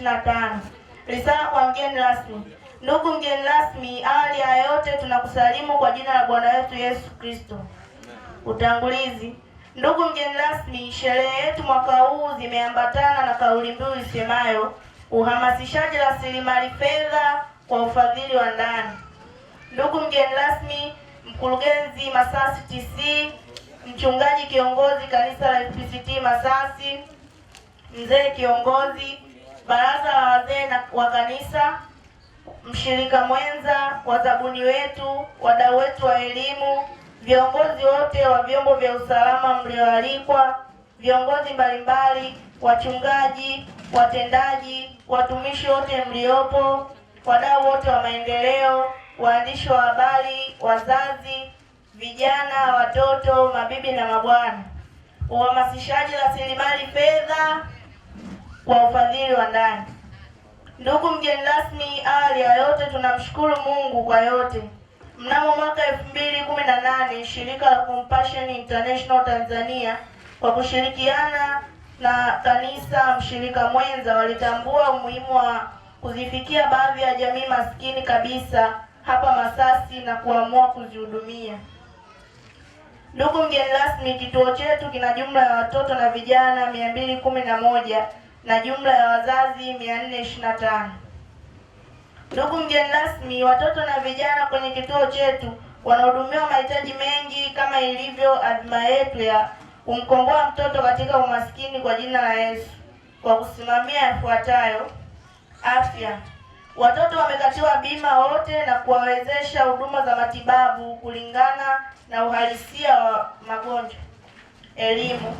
25. Risala kwa mgeni rasmi. Ndugu mgeni rasmi, awali ya yote tunakusalimu kwa jina la Bwana wetu Yesu Kristo. Utangulizi. Ndugu mgeni rasmi, sherehe yetu mwaka huu zimeambatana na kauli mbiu isemayo uhamasishaji rasilimali fedha kwa ufadhili wa ndani. Ndugu mgeni rasmi, mkurugenzi Masasi TC, mchungaji kiongozi kanisa la FPCT Masasi, mzee kiongozi baraza la wazee wa kanisa, mshirika mwenza, wazabuni wetu, wadau wetu wa elimu, viongozi wote wa vyombo vya usalama mlioalikwa, viongozi mbalimbali, wachungaji, watendaji, watumishi wote mliopo, wadau wote wa maendeleo, waandishi wa habari, wazazi, vijana, watoto, mabibi na mabwana, uhamasishaji rasilimali fedha kwa ufadhili wa ndani. Ndugu mgeni rasmi, awali ya yote tunamshukuru Mungu kwa yote. Mnamo mwaka 2018 shirika la Compassion International Tanzania kwa kushirikiana na kanisa mshirika mwenza walitambua umuhimu wa kuzifikia baadhi ya jamii maskini kabisa hapa Masasi na kuamua kuzihudumia. Ndugu mgeni rasmi, kituo chetu kina jumla ya watoto na vijana mia mbili kumi na moja na jumla ya wazazi 425. Ndugu mgeni rasmi, watoto na vijana kwenye kituo chetu wanahudumiwa mahitaji mengi kama ilivyo azma yetu ya kumkomboa mtoto katika umaskini kwa jina la Yesu kwa kusimamia yafuatayo: afya, watoto wamekatiwa bima wote na kuwawezesha huduma za matibabu kulingana na uhalisia wa magonjwa. Elimu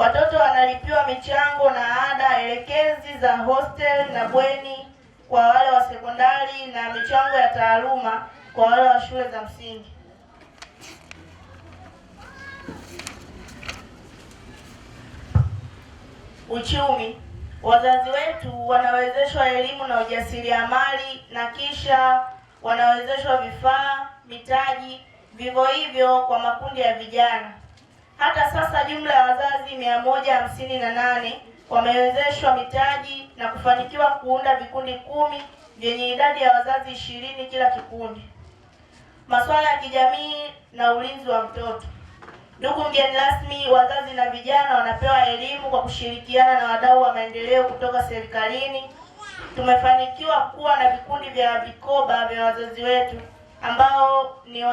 Watoto wanalipiwa michango na ada elekezi za hostel na bweni kwa wale wa sekondari na michango ya taaluma kwa wale wa shule za msingi. Uchumi. Wazazi wetu wanawezeshwa elimu na ujasiriamali na kisha wanawezeshwa vifaa, mitaji, vivyo hivyo kwa makundi ya vijana. Hata sasa jumla ya wazazi mia moja hamsini na nane wamewezeshwa mitaji na kufanikiwa kuunda vikundi kumi vyenye idadi ya wazazi ishirini kila kikundi. Masuala ya kijamii na ulinzi wa mtoto. Ndugu mgeni rasmi, wazazi na vijana wanapewa elimu kwa kushirikiana na wadau wa maendeleo kutoka serikalini. Tumefanikiwa kuwa na vikundi vya vikoba vya wazazi wetu ambao ni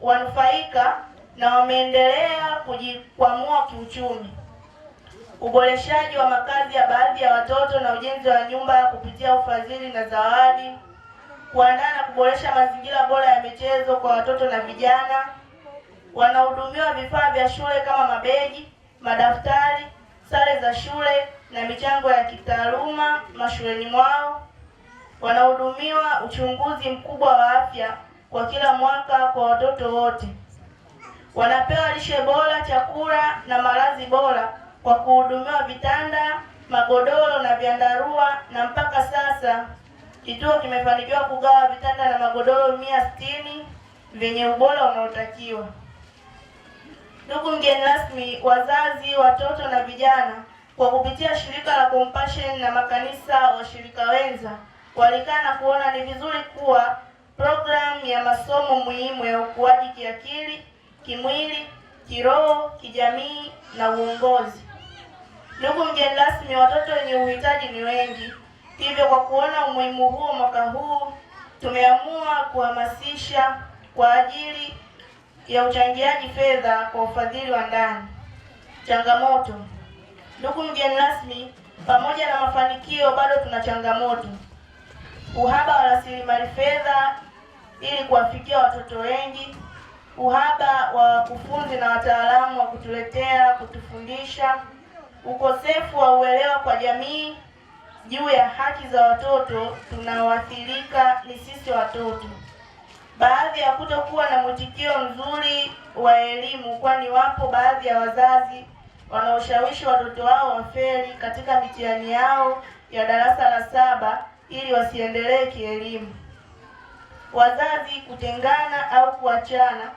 wanufaika na wameendelea kujikwamua kiuchumi. Uboreshaji wa makazi ya baadhi ya watoto na ujenzi wa nyumba kupitia ufadhili na zawadi, kuandaa na kuboresha mazingira bora ya michezo kwa watoto na vijana. Wanahudumiwa vifaa vya shule kama mabeji, madaftari, sare za shule na michango ya kitaaluma mashuleni mwao. Wanahudumiwa uchunguzi mkubwa wa afya kwa kila mwaka kwa watoto wote wanapewa lishe bora, chakula na malazi bora kwa kuhudumiwa vitanda, magodoro na vyandarua, na mpaka sasa kituo kimefanikiwa kugawa vitanda na magodoro mia sitini vyenye ubora unaotakiwa. Ndugu mgeni rasmi, wazazi, watoto na vijana kwa kupitia shirika la Compassion na makanisa washirika wenza walikaa na kuona ni vizuri kuwa programu ya masomo muhimu ya ukuaji kiakili kimwili, kiroho, kijamii na uongozi. Ndugu mgeni rasmi, watoto wenye uhitaji ni wengi, hivyo kwa kuona umuhimu huo, mwaka huu tumeamua kuhamasisha kwa ajili ya uchangiaji fedha kwa ufadhili wa ndani. Changamoto. Ndugu mgeni rasmi, pamoja na mafanikio bado tuna changamoto: uhaba wa rasilimali fedha ili kuwafikia watoto wengi uhaba wa wakufunzi na wataalamu wa kutuletea kutufundisha, ukosefu wa uelewa kwa jamii juu ya haki za watoto. Tunaoathirika ni sisi watoto. Baadhi ya kutokuwa na mwitikio mzuri wa elimu, kwani wapo baadhi ya wazazi wanaoshawishi watoto wao wafeli katika mitihani yao ya darasa la saba ili wasiendelee kielimu. Wazazi kutengana au kuachana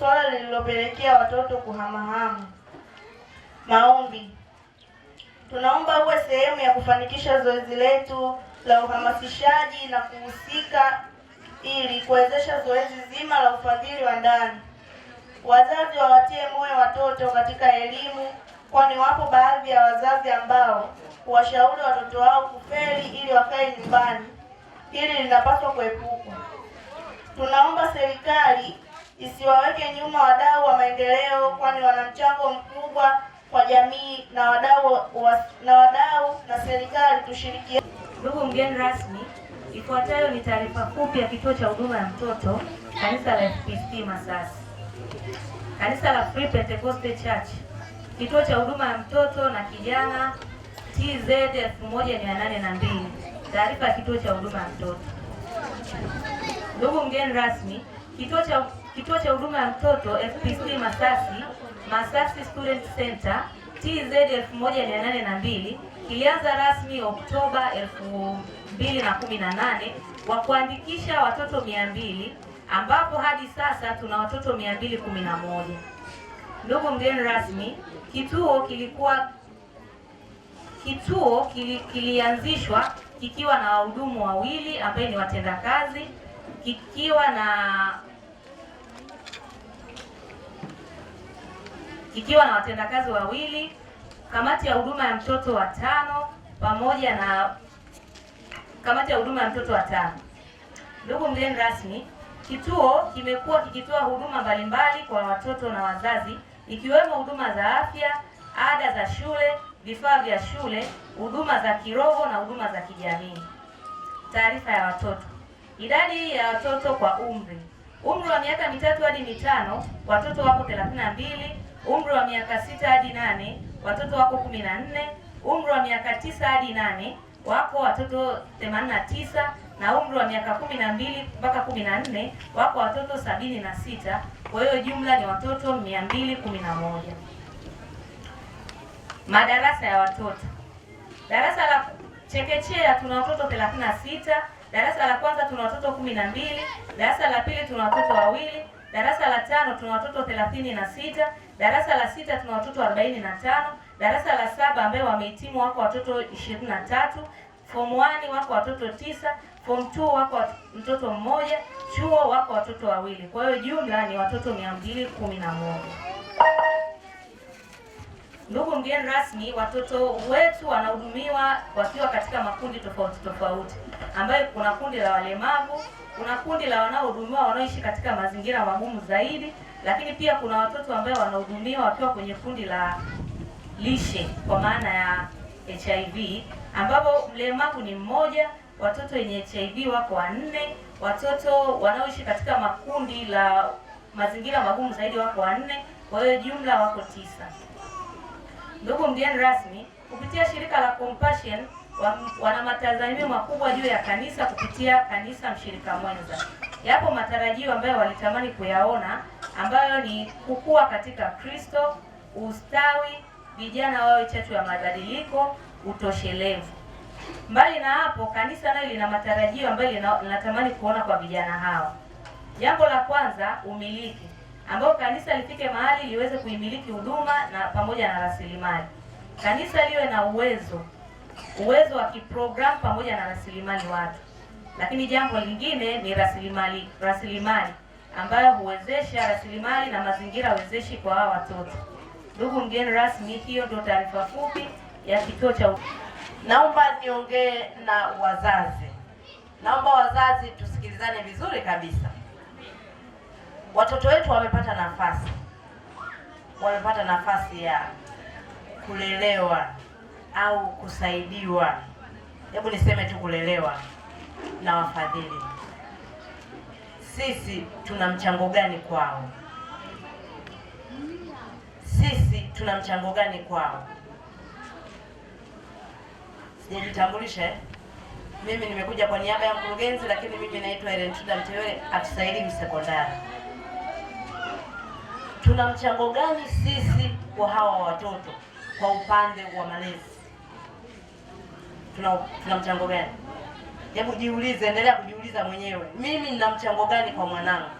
swala lililopelekea watoto kuhamahama. Maombi. Tunaomba uwe sehemu ya kufanikisha zoezi letu la uhamasishaji na kuhusika ili kuwezesha zoezi zima la ufadhili wa ndani. Wazazi wawatie moyo watoto katika elimu, kwani wapo baadhi ya wazazi ambao huwashauri watoto wao kufeli ili wakae nyumbani. Hili linapaswa kuepukwa. Tunaomba serikali isiwaweke nyuma wadau wa maendeleo, kwani wana mchango mkubwa kwa jamii na wadau wa, na wadau na serikali tushirikiane. Ndugu mgeni rasmi, ifuatayo ni taarifa fupi ya kituo cha huduma ya mtoto kanisa la FPCT Masasi. Kanisa la Free Pentecostal Church kituo cha huduma ya mtoto na kijana TZ 1802. Taarifa ya kituo cha huduma ya mtoto. Ndugu mgeni rasmi, kituo cha Kituo cha huduma ya mtoto FPC Masasi, Masasi Student Center TZ 1802 kilianza rasmi Oktoba 2018 kwa kuandikisha watoto 200 ambapo hadi sasa tuna watoto 211. Ndugu mgeni rasmi, kituo kilikuwa kituo kili, kilianzishwa kikiwa na wahudumu wawili ambaye ni watendakazi kikiwa na ikiwa na watendakazi wawili, kamati ya huduma ya mtoto watano, pamoja na kamati ya huduma ya mtoto watano. Ndugu mgeni rasmi, kituo kimekuwa kikitoa huduma mbalimbali kwa watoto na wazazi, ikiwemo huduma za afya, ada za shule, vifaa vya shule, huduma za kiroho na huduma za kijamii. Taarifa ya watoto. Idadi hii ya watoto kwa umri, umri wa miaka mitatu hadi mitano, watoto wapo 32 umri wa miaka sita hadi nane watoto wako kumi na nne umri wa miaka tisa hadi nane wako watoto themanini na tisa na umri wa miaka kumi na mbili mpaka kumi na nne wako watoto sabini na sita kwa hiyo jumla ni watoto mia mbili kumi na moja madarasa ya watoto darasa la chekechea tuna watoto 36 darasa la kwanza tuna watoto kumi na mbili darasa la pili tuna watoto wawili darasa la tano tuna watoto thelathini na sita Darasa la sita tuna watoto 45, darasa la saba ambayo wamehitimu wako watoto 23, form 1 wako watoto tisa, form 2 wako mtoto mmoja, chuo wako watoto wawili. Kwa hiyo jumla ni watoto 211. Ndugu mgeni rasmi, watoto wetu wanahudumiwa wakiwa katika makundi tofauti tofauti, ambayo kuna kundi la walemavu, kuna kundi la wanaohudumiwa wanaoishi katika mazingira magumu zaidi lakini pia kuna watoto ambao wanahudumiwa wakiwa kwenye kundi la lishe kwa maana ya HIV ambapo mlemavu ni mmoja, watoto wenye HIV wako wanne, watoto wanaoishi katika makundi la mazingira magumu zaidi wako wanne, kwa hiyo jumla wako tisa. Ndugu mgeni rasmi, kupitia shirika la Compassion wana matazamio makubwa juu ya kanisa kupitia kanisa mshirika mwenza. Yapo matarajio ambayo walitamani kuyaona ambayo ni kukua katika Kristo, ustawi, vijana wawe chachu ya mabadiliko, utoshelevu. Mbali na hapo, kanisa nalo lina matarajio ambayo linatamani kuona kwa vijana hawa. Jambo la kwanza, umiliki, ambayo kanisa lifike mahali liweze kuimiliki huduma na pamoja na rasilimali. Kanisa liwe na uwezo uwezo wa kiprogramu pamoja na rasilimali watu. Lakini jambo lingine ni rasilimali rasilimali ambayo huwezesha rasilimali na mazingira wezeshi kwa hawa watoto. Ndugu mgeni rasmi, hiyo ndio taarifa fupi ya kituo cha. Naomba niongee na wazazi, naomba wazazi tusikilizane vizuri kabisa. Watoto wetu wamepata nafasi, wamepata nafasi ya kulelewa au kusaidiwa. Hebu niseme tu kulelewa na wafadhili, sisi tuna mchango gani kwao? Sisi tuna mchango gani kwao? Sijajitambulisha eh? Mimi nimekuja kwa niaba ya mkurugenzi, lakini mimi naitwa Erentruda Mtewele, afisa elimu sekondari. Tuna mchango gani sisi kwa hawa watoto kwa upande wa malezi? Tuna, tuna mchango gani? Hebu jiulize, endelea kujiuliza mwenyewe, mimi nina mchango gani kwa mwanangu?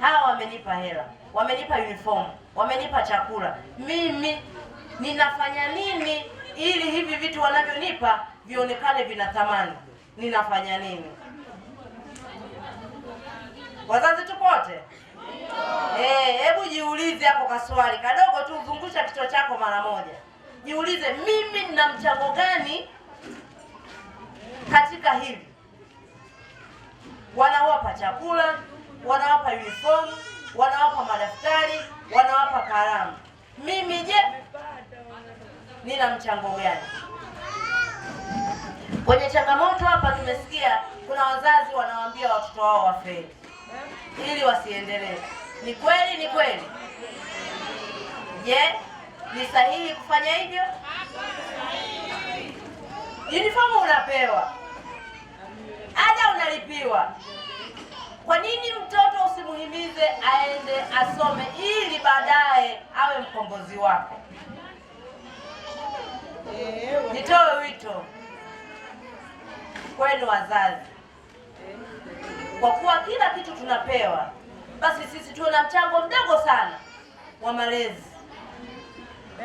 Hawa wamenipa hela, wamenipa uniform, wamenipa chakula, mimi ninafanya nini ili hivi vitu wanavyonipa vionekane vina thamani? Ninafanya nini? Wazazi tupote, eh, hebu hey, jiulize hapo kaswali kadogo tu, zungusha kichwa chako mara moja, jiulize, mimi nina mchango gani katika hivi wanawapa chakula, wanawapa uniform, wanawapa madaftari, wanawapa kalamu. Mimi je, nina mchango gani kwenye changamoto? Hapa tumesikia kuna wazazi wanawaambia watoto wao wafeli ili wasiendelee. Ni kweli? Ni kweli? Je, ni sahihi kufanya hivyo? Uniform unapewa kuhimiziwa. Kwa nini mtoto usimuhimize aende asome ili baadaye awe mkombozi wako? Nitoe wito kwenu wazazi, kwa kuwa kila kitu tunapewa, basi sisi tuwe na mchango mdogo sana wa malezi,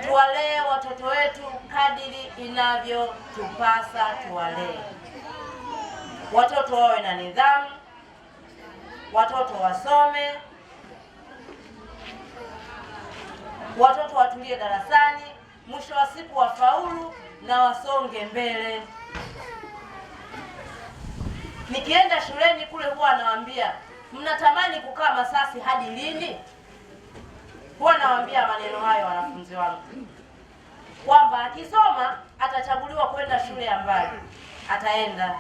tuwalee watoto wetu kadiri inavyotupasa tuwalee watoto wawe na nidhamu, watoto wasome, watoto watulie darasani, mwisho wa siku wafaulu na wasonge mbele. Nikienda shuleni kule huwa anawambia mnatamani kukaa Masasi hadi lini? Huwa anawambia maneno hayo wanafunzi wangu kwamba akisoma atachaguliwa kwenda shule ya mbali, ataenda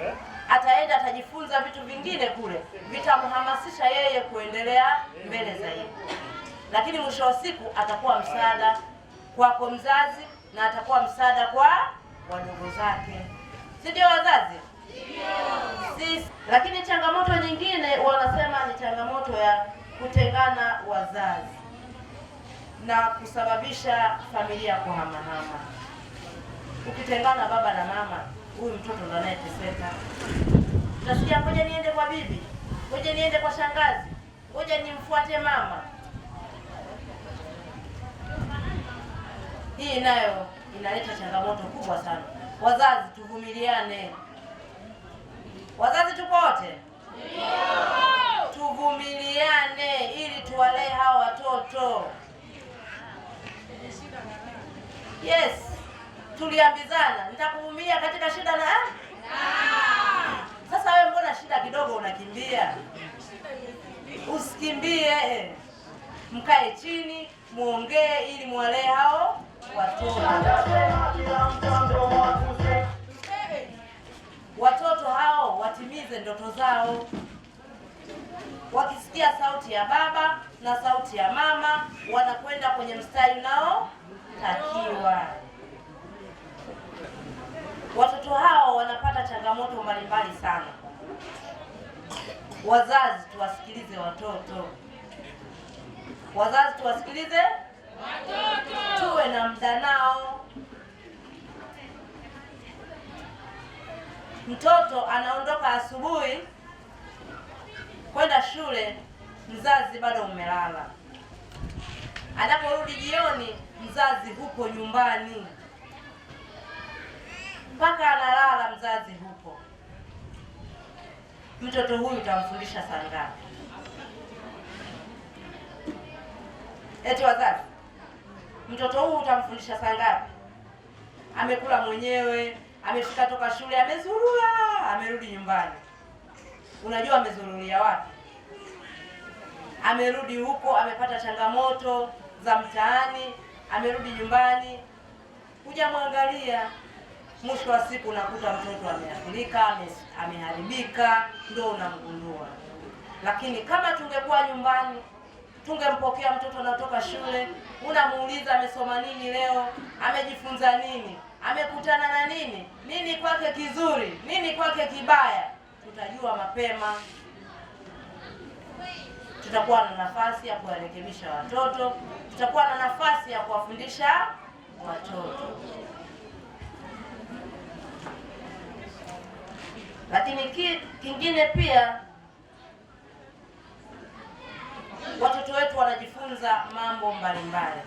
eh? ataenda atajifunza vitu vingine kule vitamhamasisha yeye kuendelea mbele zaidi, lakini mwisho wa siku atakuwa msaada kwako mzazi, na atakuwa msaada kwa wadogo zake, si ndio wazazi? Sisi. Lakini changamoto nyingine wanasema ni changamoto ya kutengana wazazi na kusababisha familia kuhamahama. Ukitengana baba na mama huyu mtoto ndo anayeteseka. Nasikia ngoja niende kwa bibi, ngoja niende kwa shangazi, ngoja nimfuate mama. Hii nayo inaleta changamoto kubwa sana. Wazazi tuvumiliane, wazazi tuko wote, tuvumiliane ili tuwalee hawa watoto. Yes tuliambizana nitakuvumilia katika shida na sasa. Wewe mbona shida kidogo unakimbia? Usikimbie, mkae chini muongee, ili mwalee hao watoto. Watoto hao watimize ndoto zao. Wakisikia sauti ya baba na sauti ya mama, wanakwenda kwenye mstari nao takiwa Watoto hao wanapata changamoto mbalimbali sana. Wazazi, tuwasikilize watoto. Wazazi, tuwasikilize watoto, tuwe na muda nao. Mtoto anaondoka asubuhi kwenda shule, mzazi bado umelala. Anaporudi jioni, mzazi huko nyumbani mpaka analala mzazi huko. Mtoto huyu utamfundisha saa ngapi? Eti wazazi, mtoto huyu utamfundisha saa ngapi? Amekula mwenyewe, amefika toka shule, amezurura, amerudi nyumbani. Unajua amezururia wapi? Amerudi huko, amepata changamoto za mtaani, amerudi nyumbani, hujamwangalia mwisho wa siku unakuta mtoto ameathirika, ameharibika, ndio unamgundua. Lakini kama tungekuwa nyumbani, tungempokea mtoto anatoka shule, unamuuliza amesoma nini leo, amejifunza nini, amekutana na nini, nini kwake kizuri, nini kwake kibaya, tutajua mapema tutakuwa na nafasi ya kuwarekebisha watoto, tutakuwa na nafasi ya kuwafundisha watoto. Lakini ki, kingine pia watoto wetu wanajifunza mambo mbalimbali,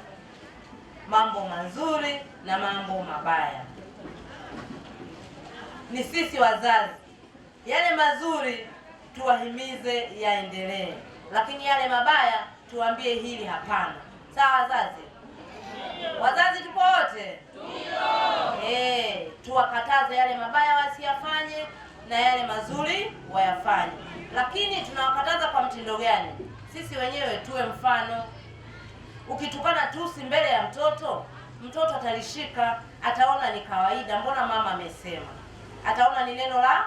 mambo mazuri na mambo mabaya. Ni sisi wazazi, yale mazuri tuwahimize yaendelee, lakini yale mabaya tuwaambie hili hapana. Sawa wazazi? Wazazi tupo wote? hey, eh, tuwakataze yale mabaya wasiyafanye na yale mazuri wayafanye. Lakini tunawakataza kwa mtindo gani? Sisi wenyewe tuwe mfano. Ukitukana tusi mbele ya mtoto, mtoto atalishika, ataona ni kawaida, mbona mama amesema, ataona ni neno la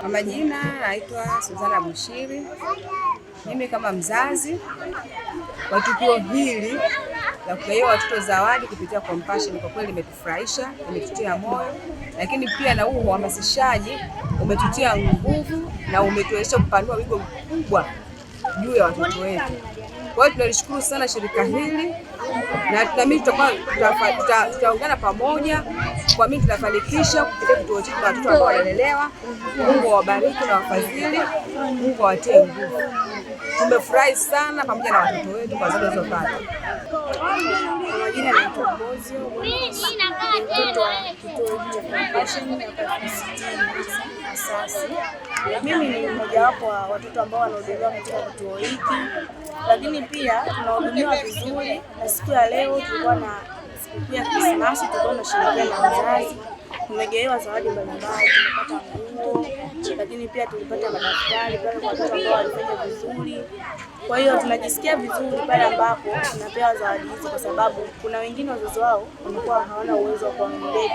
kwa majina naitwa Suzana Bushiri. Mimi kama mzazi wa tukio hili la kugaiwa watoto zawadi kupitia Compassion, kwa kweli limetufurahisha, imetutia moyo, lakini pia na huu uhamasishaji umetutia nguvu na umetuwezesha kupanua wigo mkubwa juu ya watoto wetu. Kwa hiyo tunalishukuru sana shirika hili na tunaamini tutaungana pamoja, kwa mimi tunafanikisha kupitia kituo chetu watoto ambao wanalelewa. Mungu awabariki na wafadhili, Mungu awatie nguvu. Tumefurahi sana pamoja na watoto wetu kwa zilizopata mimi ni mmojawapo wa watoto ambao wanahudumiwa katika kituo hiki, lakini pia tunahudumiwa vizuri, na siku ya leo tulikuwa na sikukuu ya Krismasi, tulikuwa sherehe na wazazi, tumegawiwa zawadi mbalimbali, tumepata nguo, lakini pia tulipata madaftari pale kwa watoto ambao walifanya vizuri. Kwa hiyo tunajisikia vizuri pale ambapo tunapewa zawadi hizi, kwa sababu kuna wengine wazazi wao wamekuwa hawana uwezo wa kuwanunulia,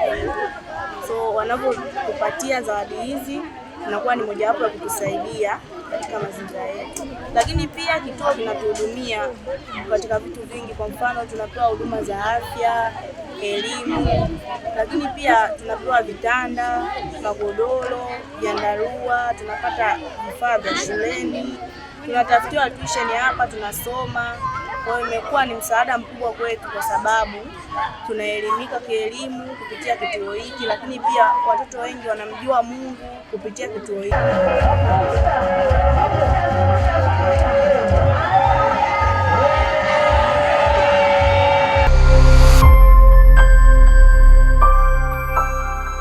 so wanapokupatia zawadi hizi tunakuwa ni mojawapo ya kutusaidia katika mazingira yetu, lakini pia kituo kinatuhudumia katika vitu vingi. Kwa mfano, tunapewa huduma za afya, elimu, lakini pia tunapewa vitanda, magodoro, vyandarua, tunapata vifaa vya shuleni tunatafutiwa tuition hapa tunasoma. Kwa hiyo imekuwa ni msaada mkubwa kwetu, kwa sababu tunaelimika kielimu kupitia kituo hiki, lakini pia watoto wengi wanamjua Mungu kupitia kituo hiki.